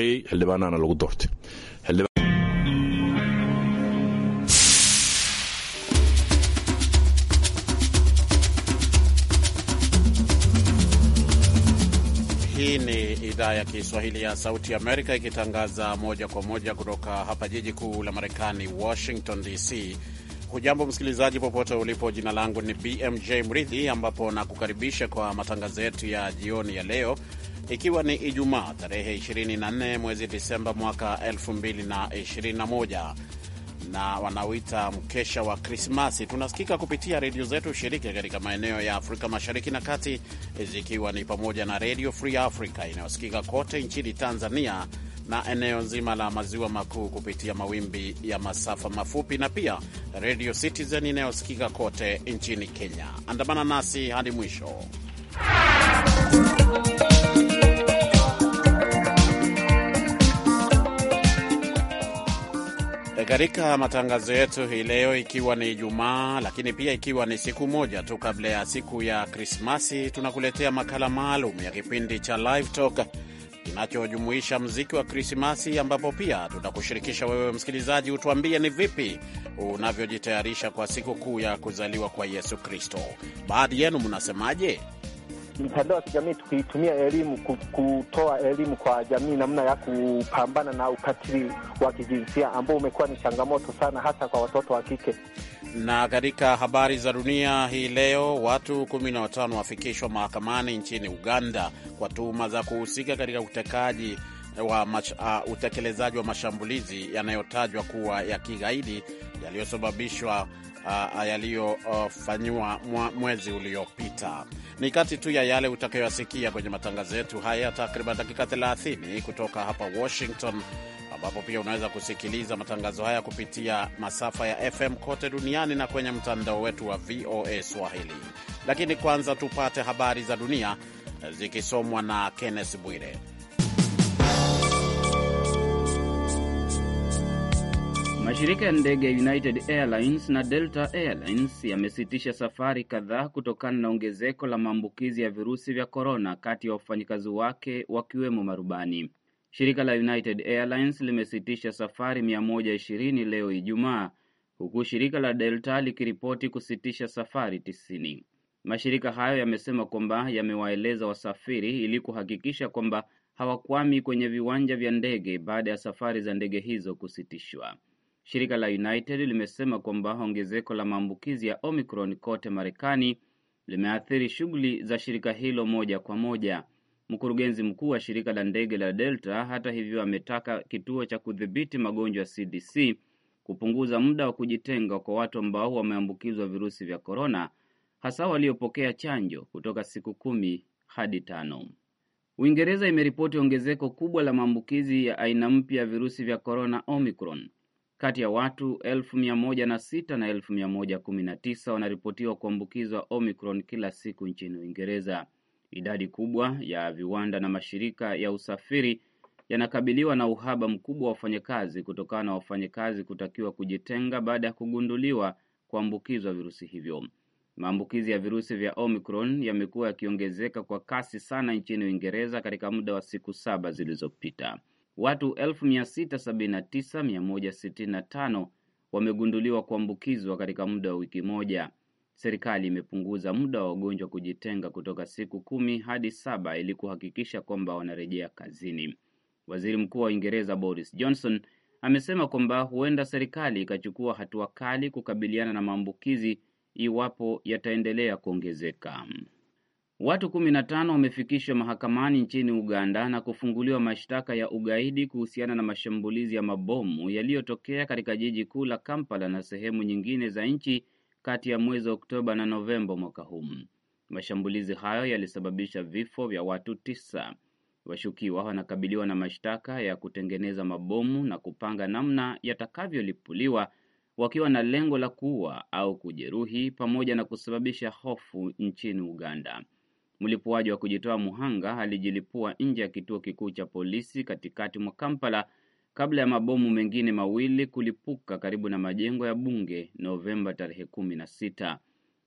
lagu doortay Hii ni idhaa ya Kiswahili ya Sauti Amerika ikitangaza moja kwa moja kutoka hapa jiji kuu la Marekani, Washington DC. Hujambo msikilizaji, popote ulipo. Jina langu ni BMJ Mridhi, ambapo nakukaribisha kwa matangazo yetu ya jioni ya leo ikiwa ni Ijumaa tarehe 24 mwezi Disemba mwaka 2021 na wanaoita mkesha wa Krismasi. Tunasikika kupitia redio zetu shirika katika maeneo ya Afrika Mashariki na Kati, zikiwa ni pamoja na Redio Free Africa inayosikika kote nchini Tanzania na eneo nzima la maziwa makuu kupitia mawimbi ya masafa mafupi, na pia Redio Citizen inayosikika kote nchini Kenya. Andamana nasi hadi mwisho katika matangazo yetu hii leo, ikiwa ni Ijumaa lakini pia ikiwa ni siku moja tu kabla ya siku ya Krismasi, tunakuletea makala maalum ya kipindi cha Live Talk kinachojumuisha mziki wa Krismasi, ambapo pia tutakushirikisha wewe msikilizaji, utuambie ni vipi unavyojitayarisha kwa siku kuu ya kuzaliwa kwa Yesu Kristo. Baadhi yenu mnasemaje? mitandao ya kijamii tukiitumia elimu kutoa elimu kwa jamii namna ya kupambana na ukatili wa kijinsia ambao umekuwa ni changamoto sana hasa kwa watoto wa kike. Na katika habari za dunia hii leo, watu 15 wafikishwa mahakamani nchini Uganda kwa tuhuma za kuhusika katika utekaji wa mach, uh, utekelezaji wa mashambulizi yanayotajwa kuwa ya kigaidi yaliyosababishwa uh, yaliyofanyiwa uh, mwezi uliopita. Ni kati tu ya yale utakayoyasikia kwenye matangazo yetu haya takriban dakika 30 kutoka hapa Washington, ambapo pia unaweza kusikiliza matangazo haya kupitia masafa ya FM kote duniani na kwenye mtandao wetu wa VOA Swahili. Lakini kwanza tupate habari za dunia zikisomwa na Kenneth Bwire. Mashirika ya ndege ya United Airlines na Delta Airlines yamesitisha safari kadhaa kutokana na ongezeko la maambukizi ya virusi vya korona kati ya wafanyikazi wake wakiwemo marubani. Shirika la United Airlines limesitisha safari 120 leo Ijumaa, huku shirika la Delta likiripoti kusitisha safari 90. Mashirika hayo yamesema kwamba yamewaeleza wasafiri ili kuhakikisha kwamba hawakwami kwenye viwanja vya ndege baada ya safari za ndege hizo kusitishwa. Shirika la United limesema kwamba ongezeko la maambukizi ya Omicron kote Marekani limeathiri shughuli za shirika hilo moja kwa moja. Mkurugenzi mkuu wa shirika la ndege la Delta, hata hivyo, ametaka kituo cha kudhibiti magonjwa CDC kupunguza muda wa kujitenga kwa watu ambao wameambukizwa virusi vya korona, hasa waliopokea chanjo kutoka siku kumi hadi tano. Uingereza imeripoti ongezeko kubwa la maambukizi ya aina mpya ya virusi vya korona Omicron. Kati ya watu elfu mia moja na sita na elfu mia moja kumi na tisa wanaripotiwa kuambukizwa Omicron kila siku nchini Uingereza. Idadi kubwa ya viwanda na mashirika ya usafiri yanakabiliwa na uhaba mkubwa wa wafanyakazi kutokana na wafanyakazi kutakiwa kujitenga baada ya kugunduliwa kuambukizwa virusi hivyo. Maambukizi ya virusi vya Omicron yamekuwa yakiongezeka kwa kasi sana nchini Uingereza katika muda wa siku saba zilizopita. Watu 679165 wamegunduliwa kuambukizwa katika muda wa wiki moja. Serikali imepunguza muda wa wagonjwa kujitenga kutoka siku kumi hadi saba ili kuhakikisha kwamba wanarejea kazini. Waziri Mkuu wa Uingereza Boris Johnson amesema kwamba huenda serikali ikachukua hatua kali kukabiliana na maambukizi iwapo yataendelea kuongezeka. Watu kumi na tano wamefikishwa mahakamani nchini Uganda na kufunguliwa mashtaka ya ugaidi kuhusiana na mashambulizi ya mabomu yaliyotokea katika jiji kuu la Kampala na sehemu nyingine za nchi kati ya mwezi Oktoba na Novemba mwaka huu. Mashambulizi hayo yalisababisha vifo vya watu tisa. Washukiwa wanakabiliwa na mashtaka ya kutengeneza mabomu na kupanga namna yatakavyolipuliwa wakiwa na lengo la kuua au kujeruhi pamoja na kusababisha hofu nchini Uganda. Mlipuaji wa kujitoa muhanga alijilipua nje ya kituo kikuu cha polisi katikati mwa Kampala kabla ya mabomu mengine mawili kulipuka karibu na majengo ya bunge Novemba tarehe kumi na sita.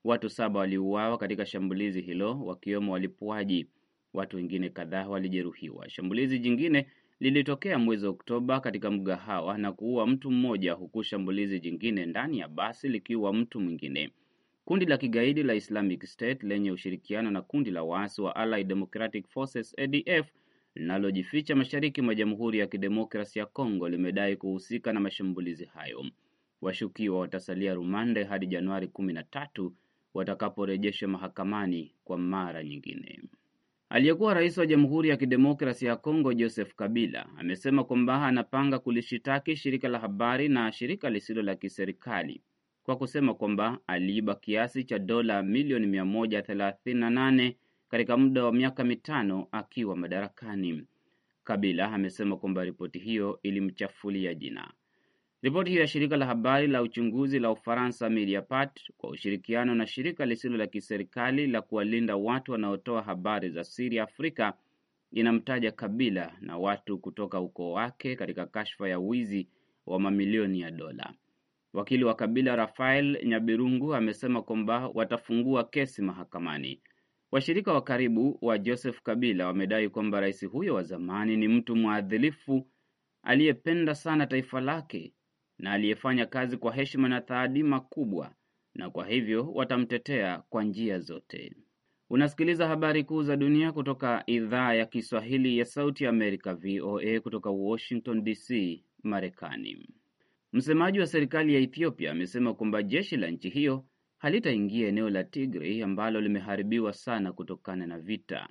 Watu saba waliuawa katika shambulizi hilo wakiwemo walipuaji. Watu wengine kadhaa walijeruhiwa. Shambulizi jingine lilitokea mwezi Oktoba katika mgahawa na kuua mtu mmoja, huku shambulizi jingine ndani ya basi likiua mtu mwingine. Kundi la kigaidi la Islamic State lenye ushirikiano na kundi la waasi wa Allied Democratic Forces ADF linalojificha mashariki mwa Jamhuri ya Kidemokrasi ya congo limedai kuhusika na mashambulizi hayo. Washukiwa watasalia rumande hadi Januari kumi na tatu watakaporejeshwa mahakamani kwa mara nyingine. Aliyekuwa rais wa Jamhuri ya Kidemokrasi ya congo Joseph Kabila amesema kwamba anapanga kulishitaki shirika la habari na shirika lisilo la kiserikali kwa kusema kwamba aliiba kiasi cha dola milioni 138 katika muda wa miaka mitano akiwa madarakani. Kabila amesema kwamba ripoti hiyo ilimchafulia jina. Ripoti hiyo ya shirika la habari la uchunguzi la Ufaransa Mediapart kwa ushirikiano na shirika lisilo la kiserikali la kuwalinda watu wanaotoa habari za siri Afrika inamtaja Kabila na watu kutoka ukoo wake katika kashfa ya wizi wa mamilioni ya dola. Wakili wa Kabila Rafael Nyabirungu amesema kwamba watafungua kesi mahakamani. Washirika wa karibu wa Joseph Kabila wamedai kwamba rais huyo wa zamani ni mtu mwadhilifu aliyependa sana taifa lake na aliyefanya kazi kwa heshima na taadima kubwa, na kwa hivyo watamtetea kwa njia zote. Unasikiliza habari kuu za dunia kutoka idhaa ya Kiswahili ya Sauti ya Amerika, VOA, kutoka Washington DC, Marekani. Msemaji wa serikali ya Ethiopia amesema kwamba jeshi la nchi hiyo halitaingia eneo la Tigray ambalo limeharibiwa sana kutokana na vita.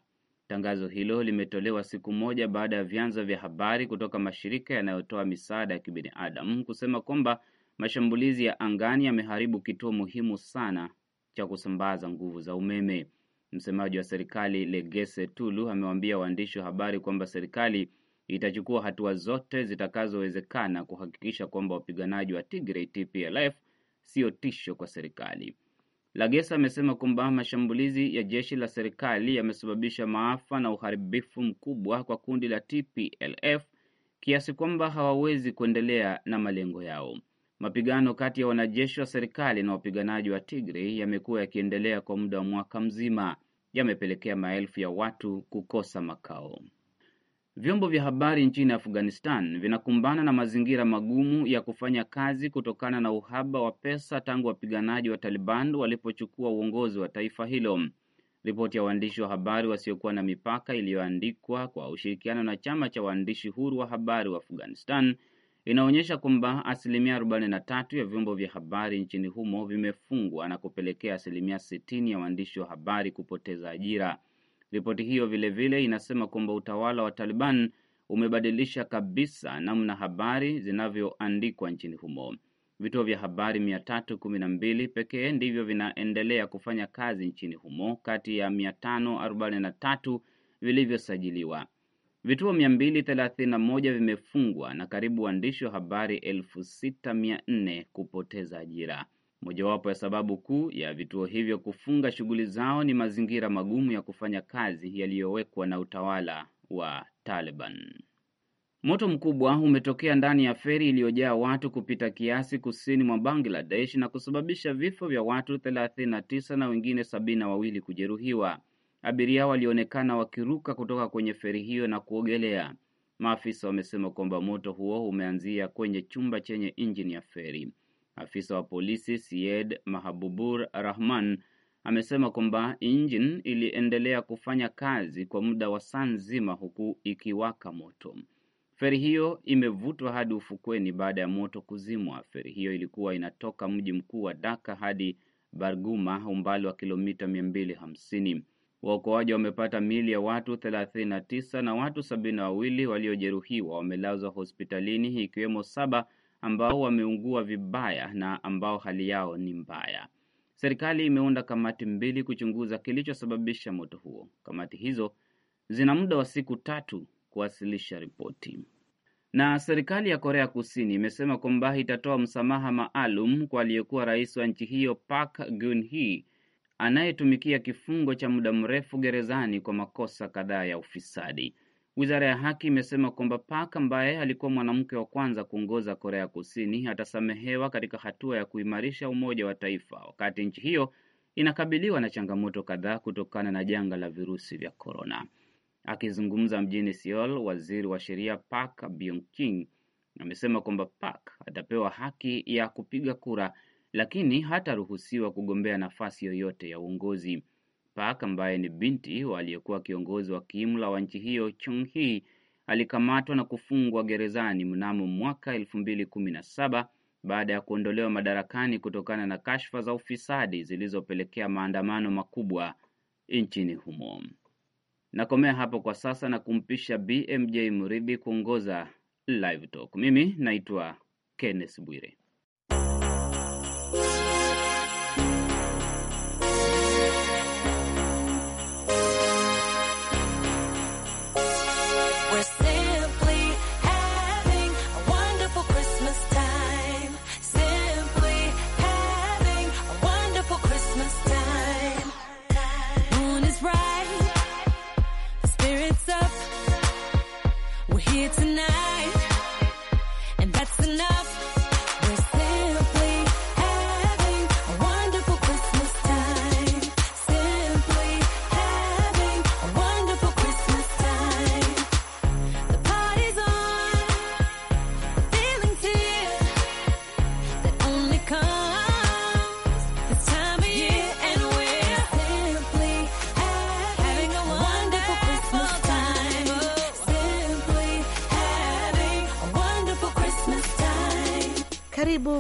Tangazo hilo limetolewa siku moja baada ya vyanzo vya habari kutoka mashirika yanayotoa misaada ya kibinadamu kusema kwamba mashambulizi ya angani yameharibu kituo muhimu sana cha kusambaza nguvu za umeme. Msemaji wa serikali Legese Tulu amewaambia waandishi wa habari kwamba serikali itachukua hatua zote zitakazowezekana kuhakikisha kwamba wapiganaji wa Tigray TPLF sio tisho kwa serikali. Lagesa amesema kwamba mashambulizi ya jeshi la serikali yamesababisha maafa na uharibifu mkubwa kwa kundi la TPLF kiasi kwamba hawawezi kuendelea na malengo yao. Mapigano kati ya wanajeshi wa serikali na wapiganaji wa Tigray yamekuwa yakiendelea kwa muda wa mwaka mzima, yamepelekea maelfu ya watu kukosa makao. Vyombo vya habari nchini Afghanistan vinakumbana na mazingira magumu ya kufanya kazi kutokana na uhaba wa pesa tangu wapiganaji wa Taliban walipochukua uongozi wa taifa hilo. Ripoti ya waandishi wa habari wasiokuwa na mipaka iliyoandikwa kwa ushirikiano na chama cha waandishi huru wa habari wa Afghanistan inaonyesha kwamba asilimia 43 ya vyombo vya habari nchini humo vimefungwa na kupelekea asilimia 60 ya waandishi wa habari kupoteza ajira. Ripoti hiyo vilevile vile inasema kwamba utawala wa Taliban umebadilisha kabisa namna habari zinavyoandikwa nchini humo. Vituo vya habari 312 pekee ndivyo vinaendelea kufanya kazi nchini humo kati ya 543 vilivyosajiliwa. Vituo 231 vimefungwa na karibu waandishi wa habari 6400 kupoteza ajira. Mojawapo ya sababu kuu ya vituo hivyo kufunga shughuli zao ni mazingira magumu ya kufanya kazi yaliyowekwa na utawala wa Taliban. Moto mkubwa umetokea ndani ya feri iliyojaa watu kupita kiasi kusini mwa Bangladesh na kusababisha vifo vya watu 39 na wengine sabini na wawili kujeruhiwa. Abiria walionekana wakiruka kutoka kwenye feri hiyo na kuogelea. Maafisa wamesema kwamba moto huo umeanzia kwenye chumba chenye injini ya feri. Afisa wa polisi Syed Mahabubur Rahman amesema kwamba injin iliendelea kufanya kazi kwa muda wa saa nzima huku ikiwaka moto. Feri hiyo imevutwa hadi ufukweni baada ya moto kuzimwa. Feri hiyo ilikuwa inatoka mji mkuu wa Daka hadi Barguma, umbali wa kilomita 250. Waokoaji wamepata miili ya watu 39 na watu 72 wawili waliojeruhiwa wamelazwa hospitalini ikiwemo saba ambao wameungua vibaya na ambao hali yao ni mbaya. Serikali imeunda kamati mbili kuchunguza kilichosababisha moto huo. Kamati hizo zina muda wa siku tatu kuwasilisha ripoti. Na serikali ya Korea Kusini imesema kwamba itatoa msamaha maalum kwa aliyekuwa rais wa nchi hiyo Park Geun-hye anayetumikia kifungo cha muda mrefu gerezani kwa makosa kadhaa ya ufisadi. Wizara ya haki imesema kwamba Park ambaye alikuwa mwanamke wa kwanza kuongoza Korea Kusini atasamehewa katika hatua ya kuimarisha umoja wa taifa, wakati nchi hiyo inakabiliwa na changamoto kadhaa kutokana na janga la virusi vya korona. Akizungumza mjini Seoul, waziri wa sheria Park byung amesema kwamba Park atapewa haki ya kupiga kura, lakini hataruhusiwa kugombea nafasi yoyote ya uongozi. Park ambaye ni binti wa aliyekuwa kiongozi wa kiimla wa nchi hiyo Chung Hee alikamatwa na kufungwa gerezani mnamo mwaka 2017 baada ya kuondolewa madarakani kutokana na kashfa za ufisadi zilizopelekea maandamano makubwa nchini humo. Nakomea hapo kwa sasa na kumpisha BMJ Muridhi kuongoza Live Talk. Mimi naitwa Kenneth Bwire. here tonight.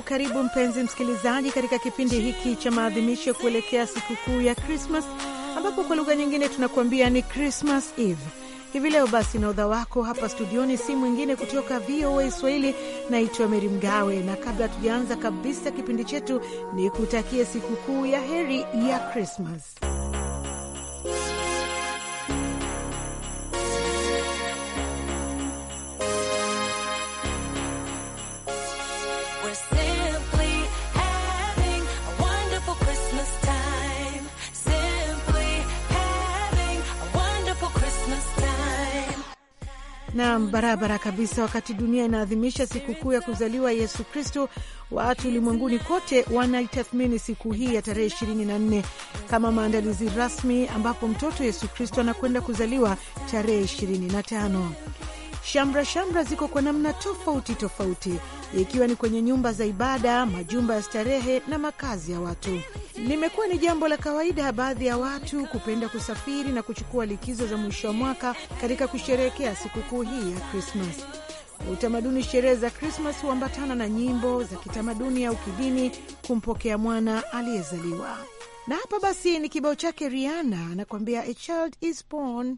Karibu mpenzi msikilizaji, katika kipindi hiki cha maadhimisho kuelekea sikukuu ya Krismas, ambapo kwa lugha nyingine tunakuambia ni Krismas Eve hivi leo. Basi na udha wako hapa studioni si mwingine kutoka VOA Swahili, naitwa Meri Mgawe, na kabla hatujaanza kabisa kipindi chetu, ni kutakie sikukuu ya heri ya Krismas. Nam, barabara kabisa. Wakati dunia inaadhimisha sikukuu ya kuzaliwa Yesu Kristo, watu ulimwenguni kote wanaitathmini siku hii ya tarehe 24 kama maandalizi rasmi, ambapo mtoto Yesu Kristo anakwenda kuzaliwa tarehe 25. Shamra shamra ziko kwa namna tofauti tofauti ikiwa ni kwenye nyumba za ibada, majumba ya starehe na makazi ya watu. Limekuwa ni jambo la kawaida baadhi ya watu kupenda kusafiri na kuchukua likizo za mwisho wa mwaka katika kusherehekea sikukuu hii ya Krismas. Utamaduni, sherehe za Krismas huambatana na nyimbo za kitamaduni au kidini kumpokea mwana aliyezaliwa. Na hapa basi ni kibao chake Rihanna anakuambia a child is born.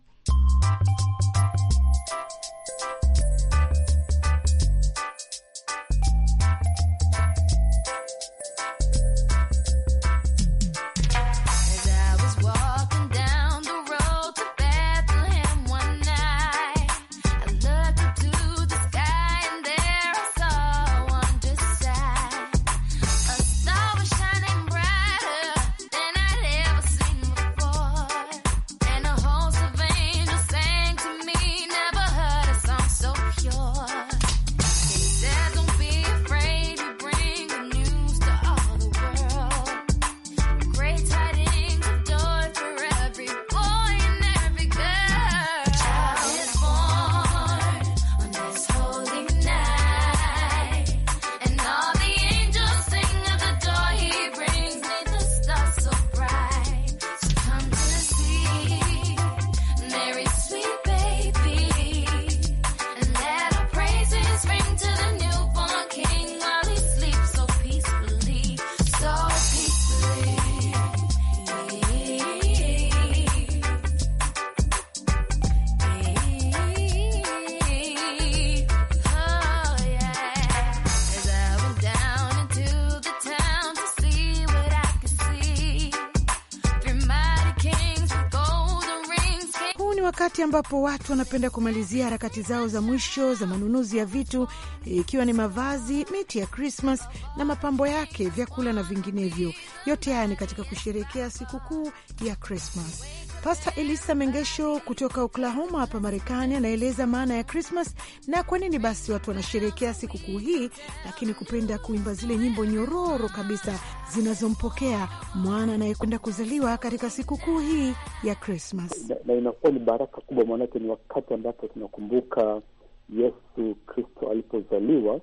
ambapo watu wanapenda kumalizia harakati zao za mwisho za manunuzi ya vitu, ikiwa ni mavazi, miti ya Krismas na mapambo yake, vyakula na vinginevyo. Yote haya ni katika kusherehekea sikukuu ya Krismas. Pasta Elisa Mengesho kutoka Oklahoma hapa Marekani anaeleza maana ya Krismas na kwa nini basi watu wanasherehekea sikukuu hii, lakini kupenda kuimba zile nyimbo nyororo kabisa zinazompokea mwana anayekwenda kuzaliwa katika sikukuu hii ya Krismas. Na inakuwa ni baraka kubwa, maanake ni wakati ambapo tunakumbuka Yesu Kristo alipozaliwa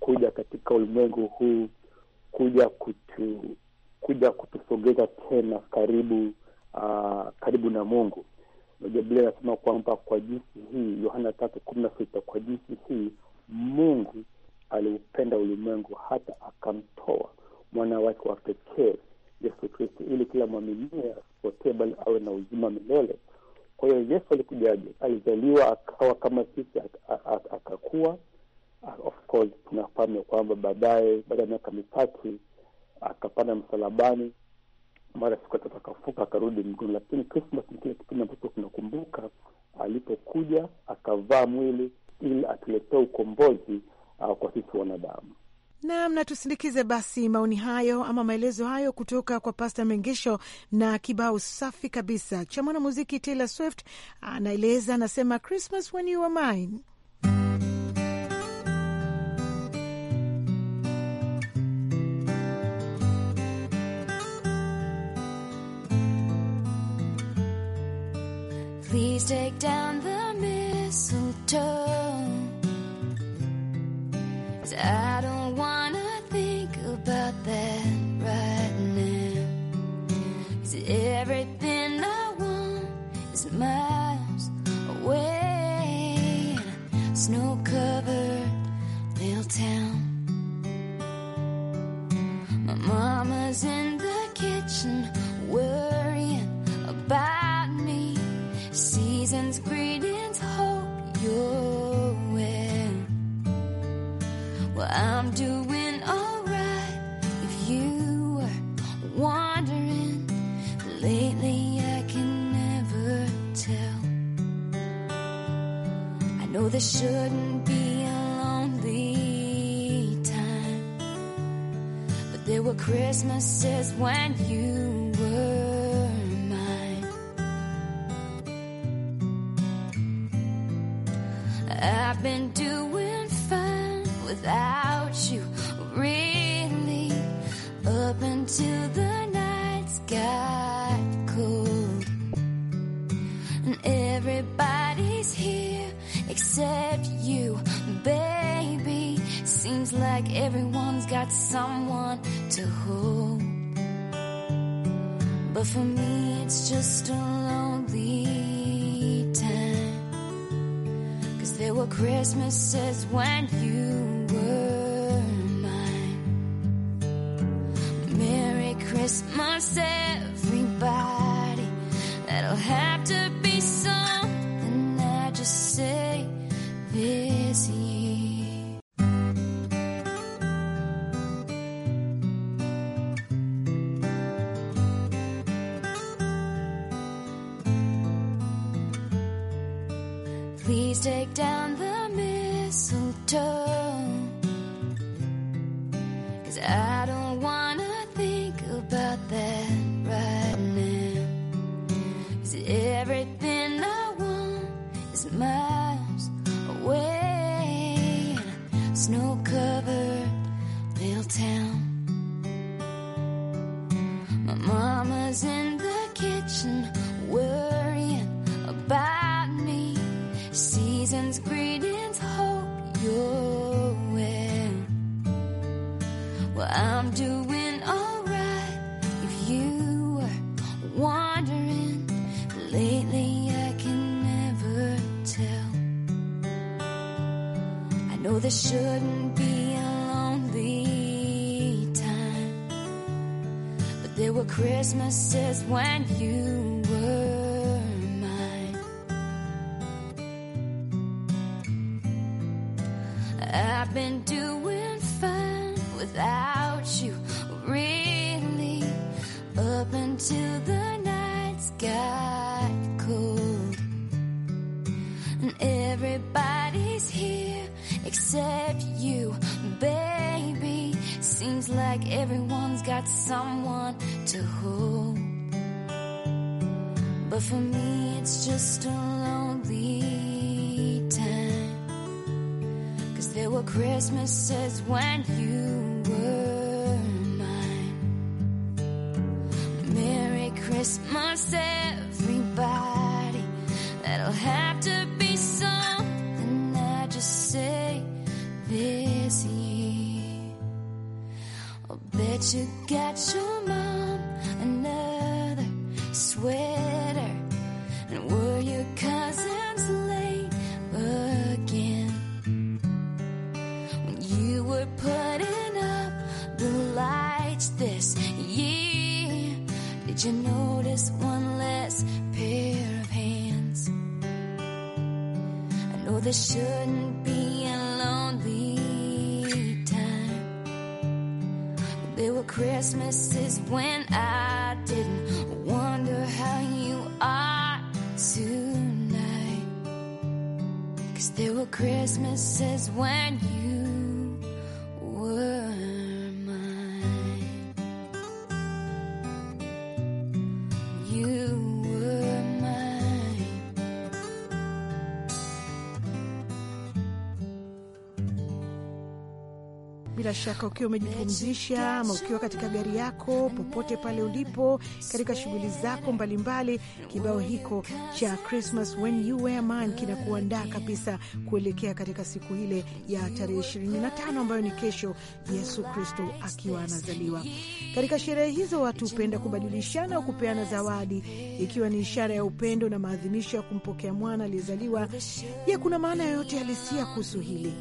kuja katika ulimwengu huu, kuja kutu, kuja kutusogeza tena karibu Ah, karibu na Mungu. Unajua Biblia inasema kwamba kwa jinsi hii, Yohana tatu kumi na sita, kwa jinsi hii Mungu aliupenda ulimwengu hata akamtoa mwana wake wa pekee Yesu Kristo, ili kila mwaminie asipotee, bali awe na uzima milele. Kwa hiyo Yesu alikujaje? Alizaliwa, akawa kama sisi, akakua ah, Of course tunafahamu ya kwamba baadaye, baada ya miaka mitatu, akapanda msalabani mara siku tatu akafuka akarudi mguni, Lakini Krismas ni kile kipindi ambacho tunakumbuka alipokuja akavaa mwili ili atuletee ukombozi uh, kwa sisi wanadamu. Nam na tusindikize basi maoni hayo ama maelezo hayo kutoka kwa Pasta Mengesho na kibao safi kabisa cha mwanamuziki Taylor Swift. Anaeleza, anasema Christmas when you are mine. take down the mistletoe. I don't Lately, I can never tell. I know this shouldn't be a lonely time, but there were Christmases when you got someone to hold. But for me, it's just a lonely time. Cause there were Christmases when you doing alright if you were wondering. Lately, I can never tell. I know this shouldn't be a lonely time, but there were Christmases when you There were Christmases when you shaka ukiwa umejipumzisha ama ukiwa katika gari yako, popote pale ulipo, katika shughuli zako mbalimbali, kibao hiko cha Christmas When You wear Mine kinakuandaa kabisa kuelekea katika siku ile ya tarehe 25 ambayo ni kesho, Yesu Kristo akiwa anazaliwa. Katika sherehe hizo watu hupenda kubadilishana au kupeana zawadi, ikiwa ni ishara ya upendo na maadhimisho ya kumpokea mwana aliyezaliwa. Je, kuna maana yoyote halisia kuhusu hili?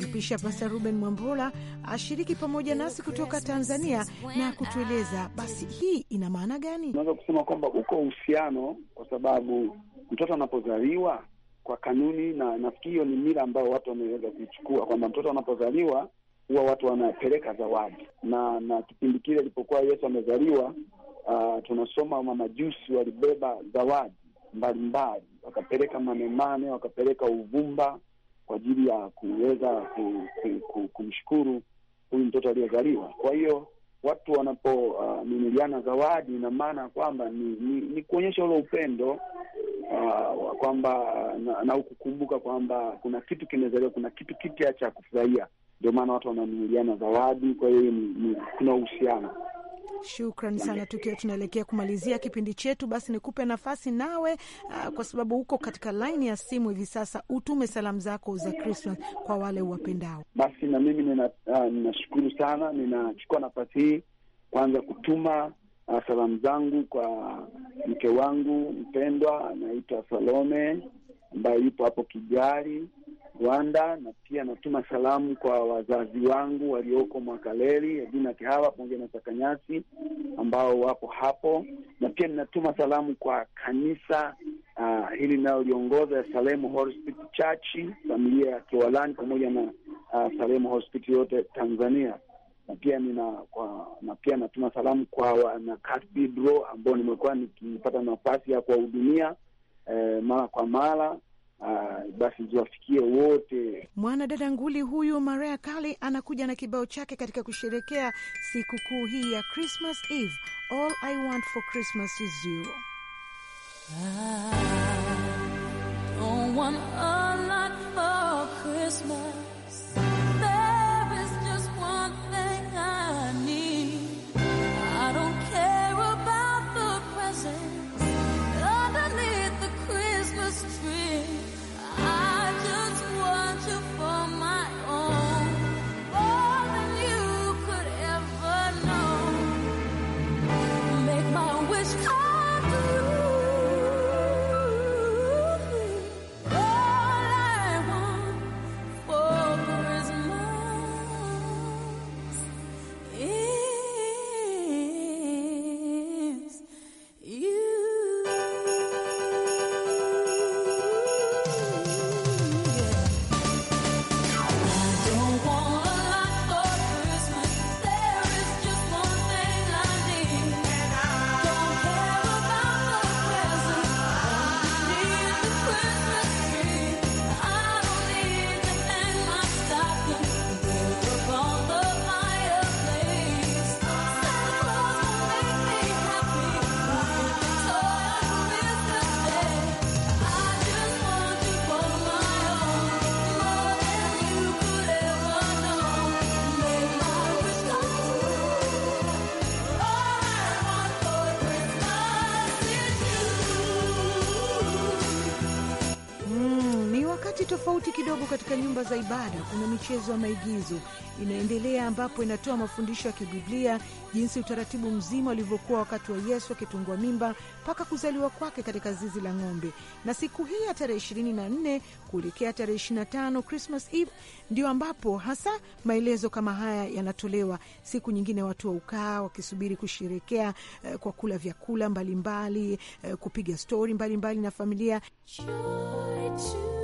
Mpisha Pasta Ruben Mwambola ashiriki pamoja nasi kutoka Tanzania na kutueleza basi hii ina maana gani. Unaweza kusema kwamba uko uhusiano, kwa sababu mtoto anapozaliwa kwa kanuni, na nafikiri hiyo ni mila ambayo watu wameweza kuichukua kwamba mtoto anapozaliwa huwa watu wanapeleka zawadi, na na kipindi kile ilipokuwa Yesu amezaliwa, uh, tunasoma mamajusi walibeba zawadi mbalimbali, wakapeleka manemane, wakapeleka uvumba kwa ajili ya kuweza kumshukuru huyu mtoto aliyezaliwa. Kwa hiyo watu wanaponunuliana uh, zawadi, ina maana kwamba ni, ni, ni kuonyesha ule upendo uh, kwamba uh, na, na ukukumbuka kwamba kuna kitu kimezaliwa, kuna kitu kipya cha kufurahia. Ndio maana watu wananunuliana zawadi. Kwa hiyo kuna uhusiano Shukran sana, tukiwa tunaelekea kumalizia kipindi chetu, basi nikupe nafasi nawe, uh, kwa sababu huko katika laini ya simu hivi sasa, utume salamu zako za Krismas kwa wale uwapendao. Basi na mimi ninashukuru uh, ah, ninashukuru sana, ninachukua nafasi hii kwanza kutuma uh, salamu zangu kwa mke wangu mpendwa anaitwa Salome ambaye yupo hapo Kigali Rwanda, na pia natuma salamu kwa wazazi wangu walioko Mwakaleli Edina kihawa pamoja na Sakanyasi ambao wapo hapo, na pia ninatuma salamu kwa kanisa uh, hili linaloliongoza ya Salemu Hospital Church, familia ya Kiwalani pamoja na uh, Salemu Hospital yote Tanzania na pia nina kwa, na pia natuma salamu kwa wana cathedral ambao nimekuwa nikipata nafasi ya kuwahudumia eh, mara kwa mara uh, basi ziwafikie wote. Mwanadada nguli huyu Mariah Kali anakuja na kibao chake katika kusherekea sikukuu hii ya Christmas Eve, All I Want for Christmas is You. I don't want a lot for Christmas. tofauti kidogo, katika nyumba za ibada kuna michezo ya maigizo inaendelea, ambapo inatoa mafundisho ya kibiblia jinsi utaratibu mzima ulivyokuwa wakati wa Yesu akitungwa mimba mpaka kuzaliwa kwake katika zizi la ng'ombe. Na siku hii ya tarehe 24 kuelekea tarehe tano Christmas Eve ndio ambapo hasa maelezo kama haya yanatolewa. Siku nyingine watu ukaa wakisubiri kusherekea eh, kwa kula vyakula mbalimbali mbali, eh, kupiga stori mbalimbali na familia Joy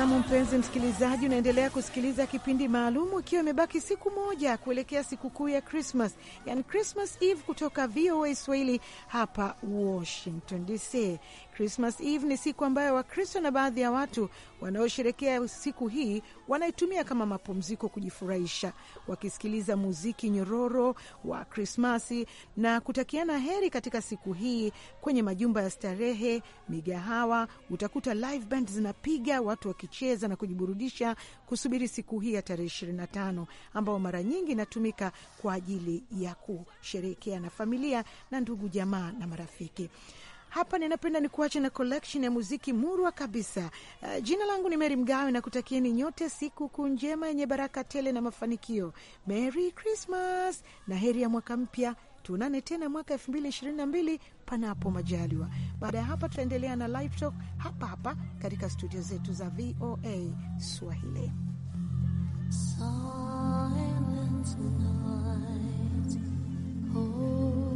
Naam, mpenzi msikilizaji, unaendelea kusikiliza kipindi maalumu ikiwa imebaki siku moja kuelekea sikukuu ya Krismas, yani Krismas Eve, kutoka VOA Swahili hapa Washington DC. Krismas Eve ni siku ambayo Wakristo na baadhi ya watu wanaosherekea siku hii wanaitumia kama mapumziko, kujifurahisha, wakisikiliza muziki nyororo wa Krismasi na kutakiana heri katika siku hii. Kwenye majumba ya starehe, migahawa, utakuta live band zinapiga, watu wakicheza na kujiburudisha, kusubiri siku hii ya tarehe 25 ambao mara mara nyingi inatumika kwa ajili ya kusherehekea na familia na ndugu jamaa na marafiki. Hapa ninapenda ni kuacha na collection ya muziki murwa kabisa. Uh, jina langu ni Meri Mgawe na kutakieni nyote siku kuu njema yenye baraka tele na mafanikio. Merry Christmas na heri ya mwaka mpya. Tuonane tena mwaka elfu mbili ishirini na mbili panapo majaliwa. Baada ya hapa, tutaendelea na live talk hapa hapa katika studio zetu za VOA Swahili. Sorry. Tonight. Oh.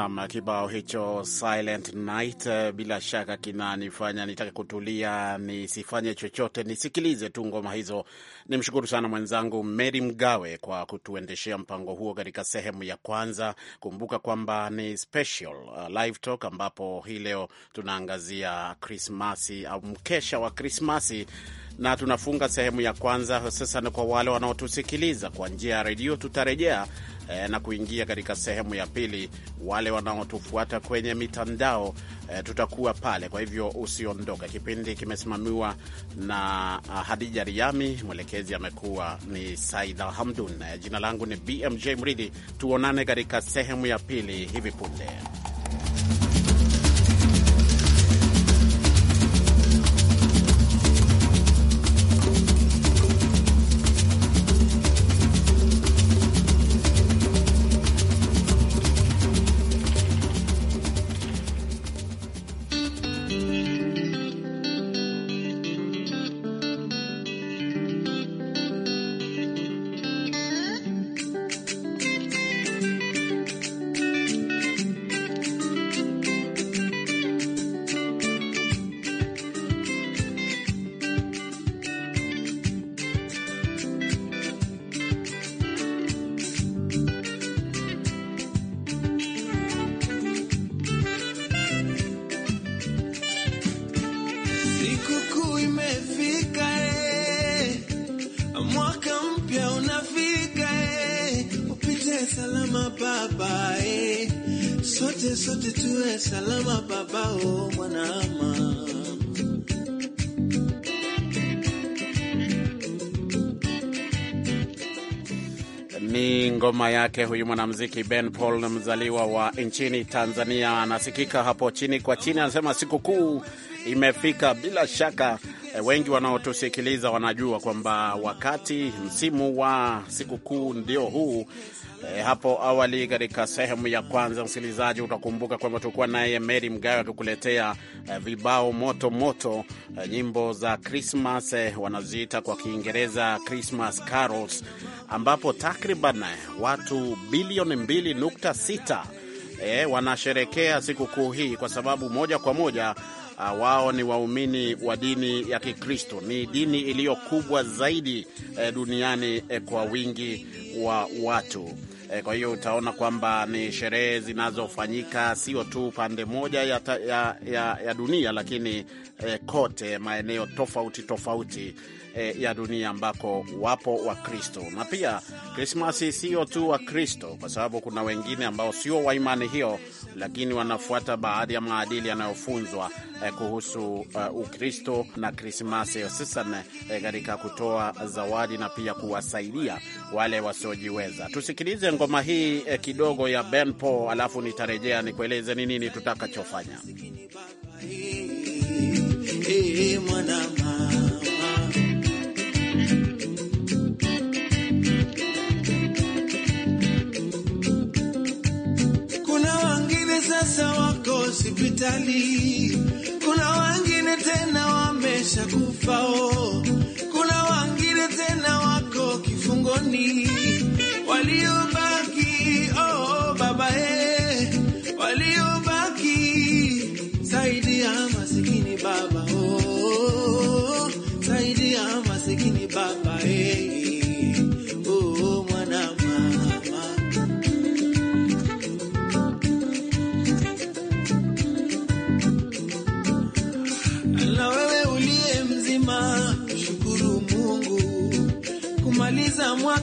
Nam kibao hicho Silent Night, eh, bila shaka kinanifanya nitake kutulia, nisifanye chochote, nisikilize tu ngoma hizo. Nimshukuru sana mwenzangu Mary Mgawe kwa kutuendeshea mpango huo katika sehemu ya kwanza. Kumbuka kwamba ni special uh, live talk ambapo hii leo tunaangazia Krismasi au mkesha wa Krismasi na tunafunga sehemu ya kwanza, hususan kwa wale wanaotusikiliza kwa njia ya redio. Tutarejea e, na kuingia katika sehemu ya pili. Wale wanaotufuata kwenye mitandao e, tutakuwa pale, kwa hivyo usiondoke. Kipindi kimesimamiwa na ah, Hadija Riami, mwelekezi amekuwa ni Saida Hamdun. Eh, jina langu ni BMJ Mridhi. Tuonane katika sehemu ya pili hivi punde. ngoma yake huyu mwanamuziki Ben Paul, mzaliwa wa nchini Tanzania, anasikika hapo chini kwa chini. Anasema sikukuu imefika. Bila shaka eh, wengi wanaotusikiliza wanajua kwamba wakati msimu wa sikukuu ndio huu. E, hapo awali katika sehemu ya kwanza, msikilizaji, utakumbuka kwamba tulikuwa naye Mary Mgawe akikuletea e, vibao moto moto e, nyimbo za crismas e, wanaziita kwa Kiingereza Christmas carols ambapo takriban watu bilioni 2.6 e, eh, wanasherekea sikukuu hii kwa sababu moja kwa moja Uh, wao ni waumini wa dini ya Kikristo. Ni dini iliyo kubwa zaidi eh, duniani eh, kwa wingi wa watu eh, kwa hiyo utaona kwamba ni sherehe zinazofanyika sio tu pande moja ya, ya, ya, ya dunia lakini eh, kote maeneo tofauti tofauti e, ya dunia ambako wapo Wakristo. Na pia Krismasi sio tu Wakristo, kwa sababu kuna wengine ambao sio wa imani hiyo, lakini wanafuata baadhi ya maadili yanayofunzwa e, kuhusu e, Ukristo na Krismasi, hususan katika kutoa zawadi na pia kuwasaidia wale wasiojiweza. Tusikilize ngoma hii e, kidogo ya Ben Paul, alafu nitarejea nikueleze ni nini tutakachofanya. Hey, hey, mwana sasa wako hospitali, kuna wengine tena wamesha kufao, oh. kuna wengine tena wako kifungoni, waliobaki oh, oh, baba e eh, waliobaki zaidi ya masikini baba oh, oh, zaidi ya masikini baba eh.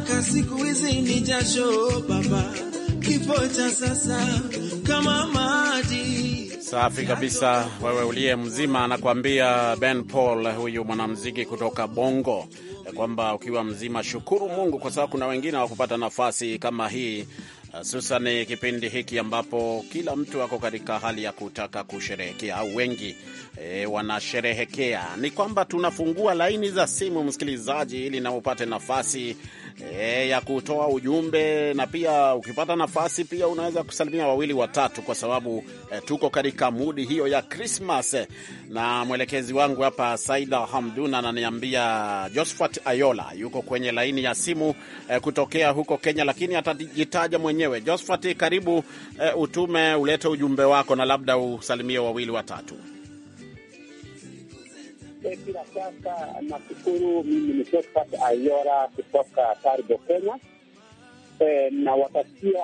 mpaka siku hizi ni jasho baba, kifo cha sasa kama maji safi kabisa. Wewe uliye mzima, anakuambia Ben Paul, huyu mwanamuziki kutoka Bongo, kwamba ukiwa mzima shukuru Mungu, kwa sababu kuna wengine hawakupata nafasi kama hii hususan kipindi hiki ambapo kila mtu ako katika hali ya kutaka kusherehekea au wengi e, wanasherehekea. Ni kwamba tunafungua laini za simu msikilizaji, ili na upate nafasi e, ya kutoa ujumbe, na pia ukipata nafasi pia unaweza kusalimia wawili watatu, kwa sababu e, tuko katika mudi hiyo ya Krismas. Na mwelekezi wangu hapa Saida Hamdun ananiambia Josphat Ayola yuko kwenye laini ya simu e, kutokea huko Kenya, lakini atajitaja mwenyewe. Josphat, karibu e, utume ulete ujumbe wako na labda usalimie wawili watatu. Bila shaka nashukuru. Mimi ni Josephat Ayora kutoka Taribo, Kenya. E, eh, na watakia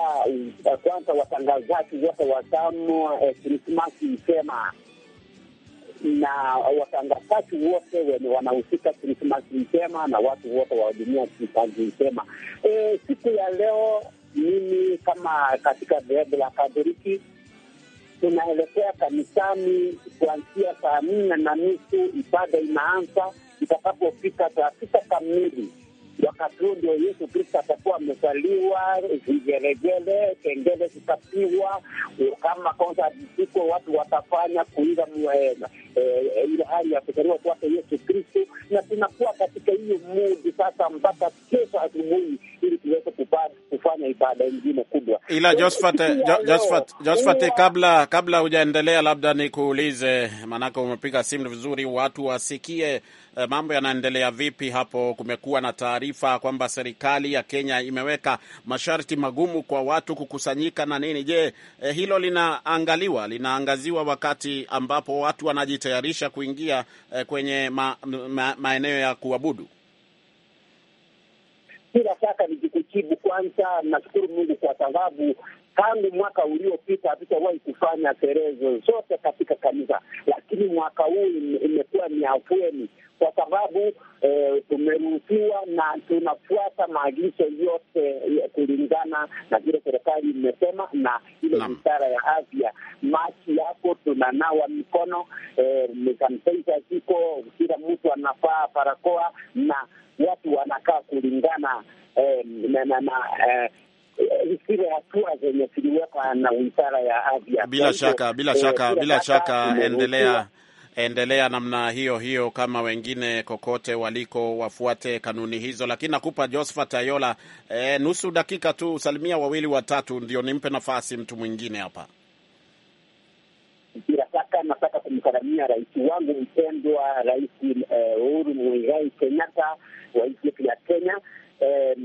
kwanza watangazaji wote watamu Krismasi eh, njema, na watangazaji wote wenye wanahusika Krismasi njema, na watu wote dunia Krismasi njema. E, siku ya leo mimi kama katika dhehebu la Katoliki tunaelekea kanisani kuanzia saa nne na nusu ibada inaanza. Itakapofika saa sita kamili, wakati huu ndio Yesu Kristo atakuwa amezaliwa. Vigelegele, kengele zitapigwa, kama kwanza ziko watu watafanya kuiga eh, eh, ile hali ya kuzaliwa kwake Yesu Kristo, na tunakuwa katika hiyo mudi sasa mpaka kesho asubuhi ili tuweze kufanya ibada ingine kubwa. Ila Josephat, Josephat, kabla kabla hujaendelea, labda nikuulize, maanake umepiga simu vizuri, watu wasikie eh, mambo yanaendelea vipi hapo. Kumekuwa na taarifa kwamba serikali ya Kenya imeweka masharti magumu kwa watu kukusanyika na nini. Je, eh, hilo linaangaliwa linaangaziwa wakati ambapo watu wanajitayarisha kuingia eh, kwenye ma, ma, maeneo ya kuabudu? bila shaka ni nikikujibu, kwanza nashukuru Mungu kwa sababu tangu mwaka uliopita hatutawahi kufanya sherehe zozote katika kanisa, lakini mwaka huu imekuwa ni afueni kwa sababu e, tumeruhusiwa na tunafuata maagizo yote kulingana na vile serikali imesema na ile wizara ya afya. Maji yako tunanawa mikono, e, eh, sanitizer ziko, kila mtu anafaa barakoa na watu wanakaa kulingana eh, na, na, na eh, zile hatua zenye ziliwekwa na wizara ya afya. Bila shaka bila eh, shaka bila shaka, endelea endelea namna hiyo hiyo, kama wengine kokote waliko wafuate kanuni hizo. Lakini nakupa Josephat Ayola, e, nusu dakika tu, salimia wawili watatu, ndio nimpe nafasi mtu mwingine hapa. Bila shaka nataka kumsalimia rais wangu mpendwa, Rais eh, Uhuru Muigai Kenyatta wa nchi yetu ya Kenya, eh,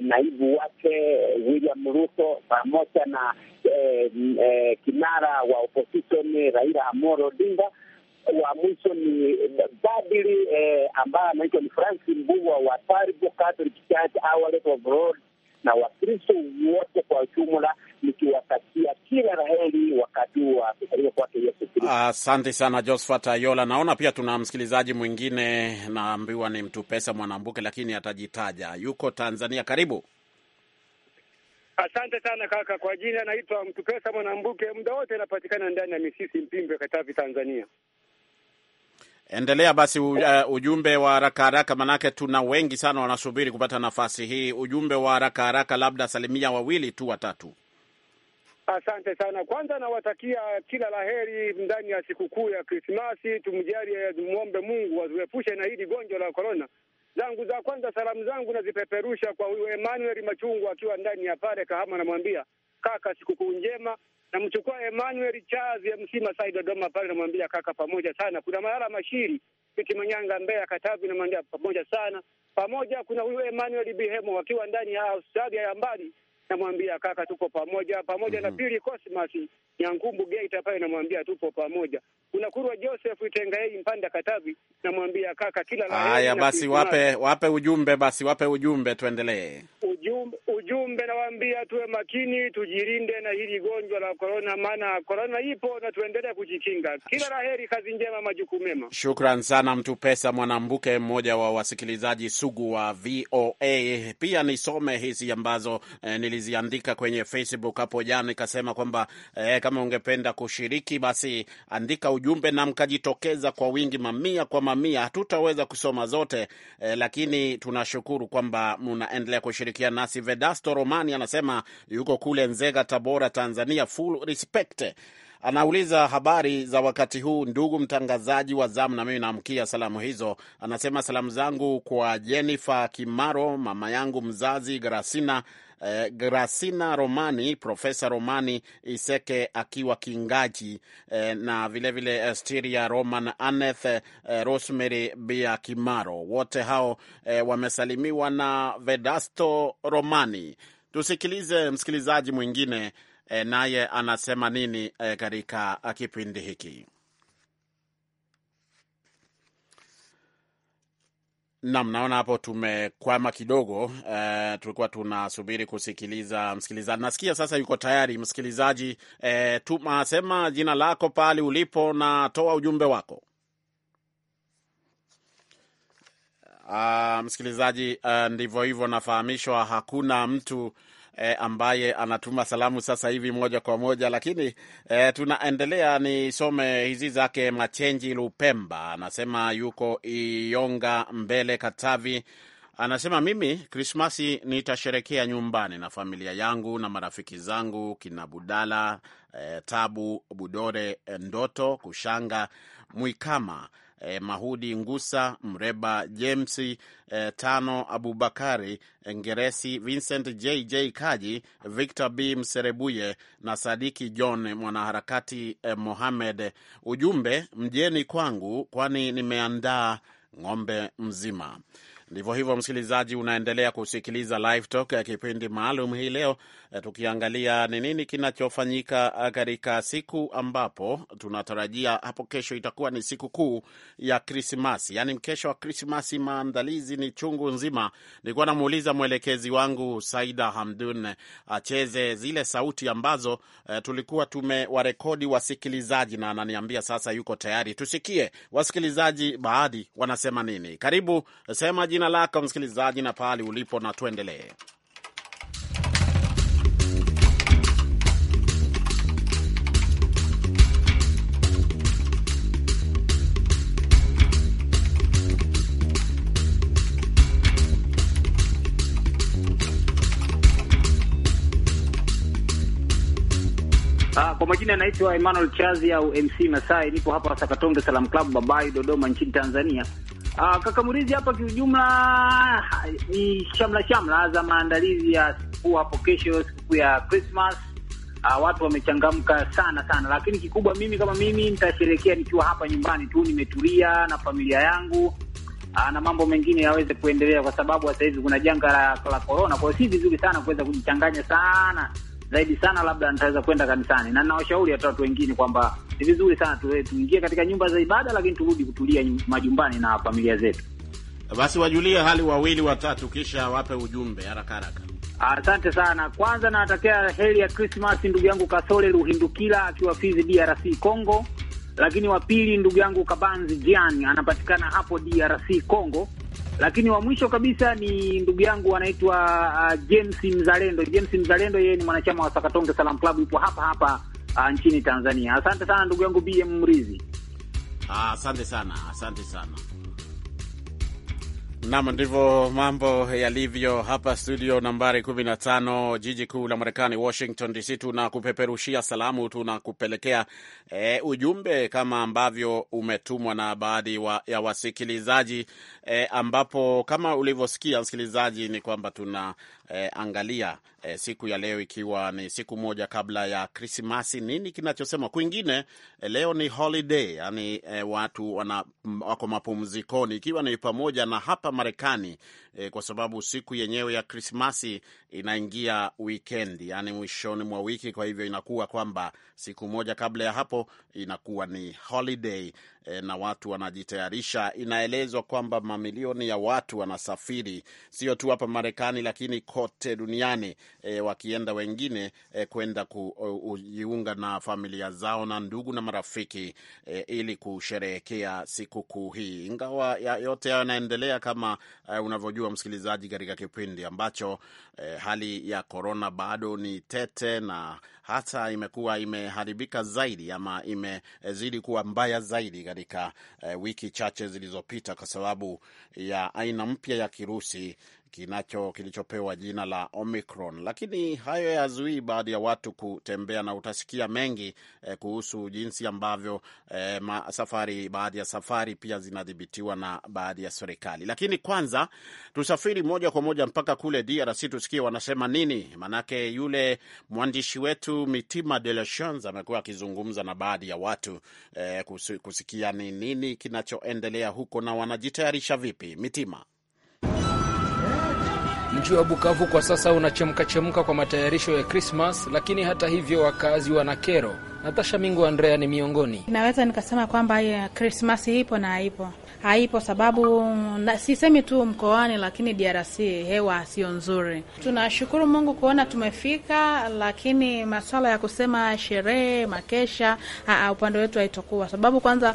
naibu wake William Ruto pamoja na eh, eh, kinara wa opposition Raila Amolo Odinga. Wa mwisho ni Badili eh, ambaye anaitwa ni Francis Mbugua wa Taribo Catholic Church Outlet of Road na Wakristo wote kwa jumla, nikiwatakia kila raheli wakati wa kuzaliwa kwake Yesu Kristo. Asante sana josphat Ayola. Naona pia tuna msikilizaji mwingine, naambiwa ni mtu pesa Mwanambuke, lakini atajitaja, yuko Tanzania. Karibu. Asante sana kaka. Kwa jina naitwa Mtupesa Mwanambuke, muda wote anapatikana ndani ya Misisi Mpimbe, Katavi, Tanzania. Endelea basi eh, ujumbe wa haraka haraka, manake tuna wengi sana wanasubiri kupata nafasi hii. Ujumbe wa haraka haraka, labda salimia wawili tu watatu. Asante sana. Kwanza nawatakia kila laheri ndani ya sikukuu ya Krismasi. Tumjalie, tumwombe Mungu wazuepushe na hili gonjwa la korona. Zangu za kwanza, salamu zangu nazipeperusha kwa huyu Emmanuel Machungwa akiwa ndani ya pale Kahama, namwambia kaka, sikukuu njema. Namchukua Emmanuel Chazi Msima masai Dodoma pale, namwambia kaka, pamoja sana. Kuna Malala Mashiri Kiti Manyanga Mbeya Katavi, namwambia pamoja sana. Pamoja kuna huyu Emmanuel Bihemo wakiwa ndani ya Australia ya mbali namwambia kaka, tuko pamoja pamoja. mm -hmm. na Pili mhm. Cosmas Nyangumbu Geita pale, namwambia tupo pamoja. Kuna Kurwa Joseph Itengaei Mpanda Katavi, namwambia kaka, kila la Haya basi, wape wape ujumbe, basi wape ujumbe, tuendelee. Ujumbe, ujumbe nawaambia tuwe makini, tujilinde na hili gonjwa la korona, maana korona ipo na tuendelee kujikinga. Kila la heri, kazi njema, majukumu mema. Shukran sana mtu pesa Mwanambuke, mmoja wa wasikilizaji sugu wa VOA. Pia nisome hizi ambazo eh, nili niliziandika kwenye Facebook hapo jana, ikasema kwamba eh, kama ungependa kushiriki basi andika ujumbe, na mkajitokeza kwa wingi, mamia kwa mamia. Hatutaweza kusoma zote eh, lakini tunashukuru kwamba mnaendelea kushirikiana nasi. Vedasto Romani anasema yuko kule Nzega, Tabora, Tanzania. Full respect Anauliza habari za wakati huu, ndugu mtangazaji wa zamu, na mimi naamkia salamu hizo. Anasema salamu zangu kwa Jennifer Kimaro, mama yangu mzazi Grasina eh, Grasina Romani, Profesa Romani Iseke akiwa Kingaji eh, na vilevile eh, Stiria Roman Aneth eh, Rosemary Bia Kimaro, wote hao eh, wamesalimiwa na Vedasto Romani. Tusikilize msikilizaji mwingine eh, naye anasema nini eh, katika eh, kipindi hiki. Nam, naona hapo tumekwama kidogo. Uh, tulikuwa tunasubiri kusikiliza msikilizaji. Nasikia sasa yuko tayari msikilizaji. Uh, eh, sema jina lako pahali ulipo na toa ujumbe wako. Uh, msikilizaji, uh, ndivyo hivyo, nafahamishwa hakuna mtu e, ambaye anatuma salamu sasa hivi moja kwa moja, lakini e, tunaendelea. Nisome hizi zake. Machenji Lupemba anasema yuko Iyonga Mbele, Katavi. Anasema mimi Krismasi nitasherekea nyumbani na familia yangu na marafiki zangu kina Budala, e, Tabu Budore, Ndoto Kushanga, Mwikama eh, Mahudi Ngusa, Mreba James eh, Tano Abubakari eh, Ngeresi, Vincent JJ Kaji, Victor B Mserebuye na Sadiki John mwanaharakati eh, Mohamed. Ujumbe mjeni kwangu, kwani nimeandaa ng'ombe mzima. Ndivyo hivyo, msikilizaji, unaendelea kusikiliza Live Talk ya kipindi maalum hii leo, eh, tukiangalia ni nini kinachofanyika eh, katika siku ambapo tunatarajia hapo kesho itakuwa ni siku kuu ya Krismasi, yaani mkesho wa Krismasi. Maandalizi ni chungu nzima. Nilikuwa namuuliza mwelekezi wangu Saida Hamdun acheze zile sauti ambazo eh, tulikuwa tumewarekodi wasikilizaji, na ananiambia sasa yuko tayari. Tusikie wasikilizaji baadhi wanasema nini. Karibu sema jina lako msikilizaji na pahali ulipo, na tuendelee. Ah, kwa majina anaitwa Emmanuel Chazi au MC Masai, nipo hapa Sakatonge Salam Club Babai, Dodoma nchini Tanzania. Uh, ah, Kakamurizi hapa kiujumla ni shamla shamla za maandalizi ya sikukuu hapo kesho, sikukuu ya Christmas. Uh, watu wamechangamka sana sana, lakini kikubwa mimi kama mimi nitasherekea nikiwa hapa nyumbani tu, nimetulia na familia yangu uh, na mambo mengine yaweze kuendelea, kwa sababu sasa hivi kuna janga la, la corona. Kwa hiyo si vizuri sana kuweza kujichanganya sana zaidi sana labda nitaweza kwenda kanisani, na ninawashauri hata watu wengine kwamba ni vizuri sana eh, tuingie katika nyumba za ibada, lakini turudi kutulia majumbani na familia zetu. Basi wajulie hali wawili watatu, kisha wape ujumbe haraka haraka. Asante sana. Kwanza nawatakia heri ya Krismasi ndugu yangu Kasole Ruhindukila akiwa Fizi, DRC Congo. Lakini wa pili ndugu yangu Kabanzi Jiani anapatikana hapo DRC Congo. Lakini wa mwisho kabisa ni ndugu yangu anaitwa uh, James Mzalendo. James Mzalendo yeye ni mwanachama wa Sakatonge Salam Club, yupo hapa hapa uh, nchini Tanzania. Asante sana ndugu yangu BM Mrizi. Ah, asante sana, asante sana. Nam, ndivyo mambo yalivyo hapa studio nambari 15 jiji kuu la Marekani, Washington DC. Tunakupeperushia salamu, tunakupelekea e, ujumbe kama ambavyo umetumwa na baadhi wa, ya wasikilizaji e, ambapo kama ulivyosikia msikilizaji, ni kwamba tuna e, angalia e, eh, eh, siku ya leo ikiwa ni siku moja kabla ya Krismasi, nini kinachosema kwingine. E, leo ni holiday, yani e, watu wana, wako mapumzikoni, ikiwa ni pamoja na hapa Marekani e, kwa sababu siku yenyewe ya Krismasi inaingia wikendi, yaani mwishoni mwa wiki. Kwa hivyo inakuwa kwamba siku moja kabla ya hapo inakuwa ni holiday e, na watu wanajitayarisha. Inaelezwa kwamba mamilioni ya watu wanasafiri, sio tu hapa Marekani, lakini kote duniani e, wakienda wengine e, kwenda kujiunga na familia zao na ndugu na marafiki e, ili kusherehekea sikukuu hii, ingawa ya, yote yanaendelea kama e, unavyojua msikilizaji, katika kipindi ambacho e, hali ya korona bado ni tete na hata imekuwa imeharibika zaidi ama imezidi kuwa mbaya zaidi katika eh, wiki chache zilizopita, kwa sababu ya aina mpya ya kirusi kinacho kilichopewa jina la Omicron, lakini hayo yazuii baadhi ya watu kutembea, na utasikia mengi eh, kuhusu jinsi ambavyo eh, safari, baadhi ya safari pia zinadhibitiwa na baadhi ya serikali. Lakini kwanza tusafiri moja kwa moja mpaka kule DRC tusikie wanasema nini, maanake yule mwandishi wetu Mitima De La Chance amekuwa akizungumza na baadhi ya watu eh, kusikia ni nini kinachoendelea huko na wanajitayarisha vipi. Mitima. Mji wa Bukavu kwa sasa unachemka chemka kwa matayarisho ya Krismas, lakini hata hivyo wakazi wana kero. Natasha Mingu Andrea ni miongoni. Naweza nikasema kwamba Krismas ipo na haipo, haipo sababu na, sisemi tu mkoani, lakini DRC hewa sio nzuri. Tunashukuru Mungu kuona tumefika, lakini maswala ya kusema sherehe, makesha, upande wetu haitokuwa sababu, kwanza